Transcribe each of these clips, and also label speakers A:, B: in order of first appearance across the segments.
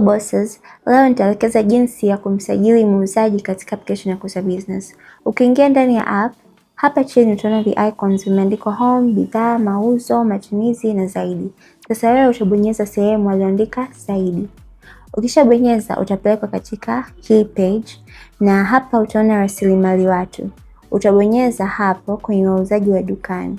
A: bosses, leo nitaelekeza jinsi ya kumsajili muuzaji katika application ya kuuza Business. Ukiingia ndani ya app, hapa chini utaona the icons vimeandikwa home, bidhaa, mauzo, matumizi na zaidi. Sasa wewe utabonyeza sehemu aliyoandika zaidi. Ukishabonyeza utapelekwa katika hii page na hapa utaona rasilimali watu. Utabonyeza hapo kwenye wauzaji wa dukani.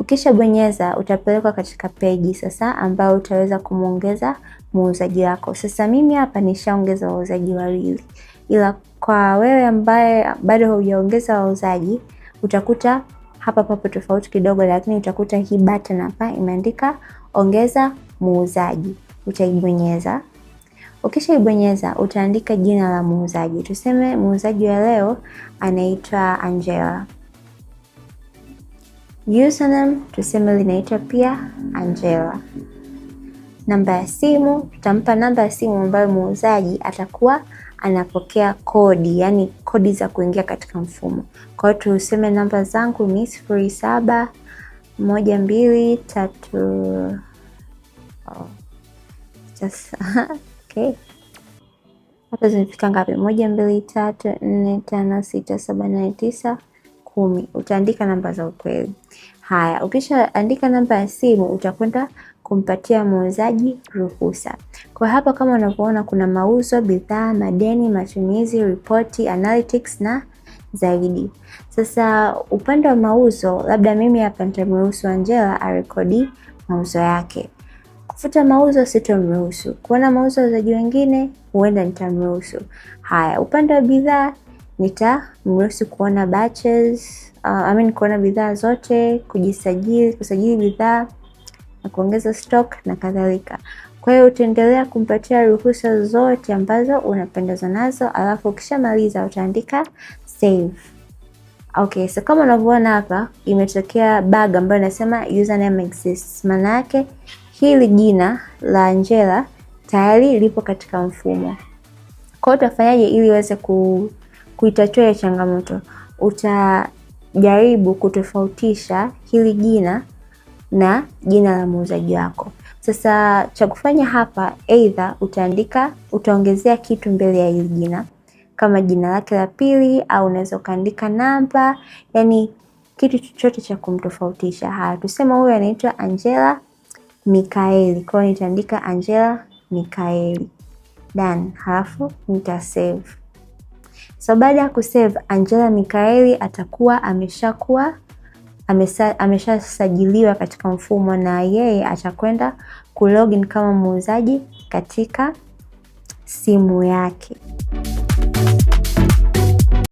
A: Ukishabonyeza utapelekwa katika peji sasa ambayo utaweza kumwongeza muuzaji wako. Sasa mimi hapa nishaongeza wauzaji wawili, ila kwa wewe ambaye bado haujaongeza wauzaji utakuta hapa papo tofauti kidogo, lakini utakuta hii button hapa imeandika ongeza muuzaji, utaibonyeza. Ukishaibonyeza utaandika jina la muuzaji, tuseme muuzaji wa leo anaitwa Angela. Username tuseme linaitwa pia Angela. Namba ya simu tutampa namba ya simu ambayo muuzaji atakuwa anapokea kodi, yani kodi za kuingia katika mfumo. Kwa hiyo tuseme namba zangu ni sifuri saba moja mbili tatu oh, Hapa zimefika ngapi? Moja mbili tatu nne tano sita saba nane tisa kumi utaandika namba za ukweli. Haya, ukishaandika namba ya simu utakwenda kumpatia muuzaji ruhusa. Kwa hapa kama unavyoona kuna mauzo, bidhaa, madeni, matumizi, ripoti, analytics na zaidi. Sasa upande wa mauzo, labda mimi hapa nitamruhusu Angela arekodi mauzo yake. Kufuta mauzo sitomruhusu. Kuona mauzo wauzaji wengine, huenda nitamruhusu. Haya, upande wa bidhaa nitamruhusu kuona batches, uh, I mean kuona bidhaa zote, kujisajili, kusajili bidhaa na kuongeza stock na kadhalika. Kwa hiyo utaendelea kumpatia ruhusa zote ambazo unapendezwa nazo, alafu ukishamaliza utaandika save. Okay, so kama unavyoona hapa imetokea bug ambayo inasema username exists. Maana yake hili jina la Angela tayari lipo katika mfumo. Kwa hiyo utafanyaje ili iweze ku kuitatua ya changamoto, utajaribu kutofautisha hili jina na jina la muuzaji wako. Sasa cha kufanya hapa, aidha utaandika, utaongezea kitu mbele ya hili jina kama jina lake la pili, au unaweza ukaandika namba, yani kitu chochote cha kumtofautisha. Haya, tusema huyu anaitwa Angela Mikaeli, kwa hiyo nitaandika Angela Mikaeli dan, halafu nitasave. So baada ya kusave, Angela Mikaeli atakuwa ameshakuwa ameshasajiliwa katika mfumo na yeye atakwenda kulogin kama muuzaji katika simu yake.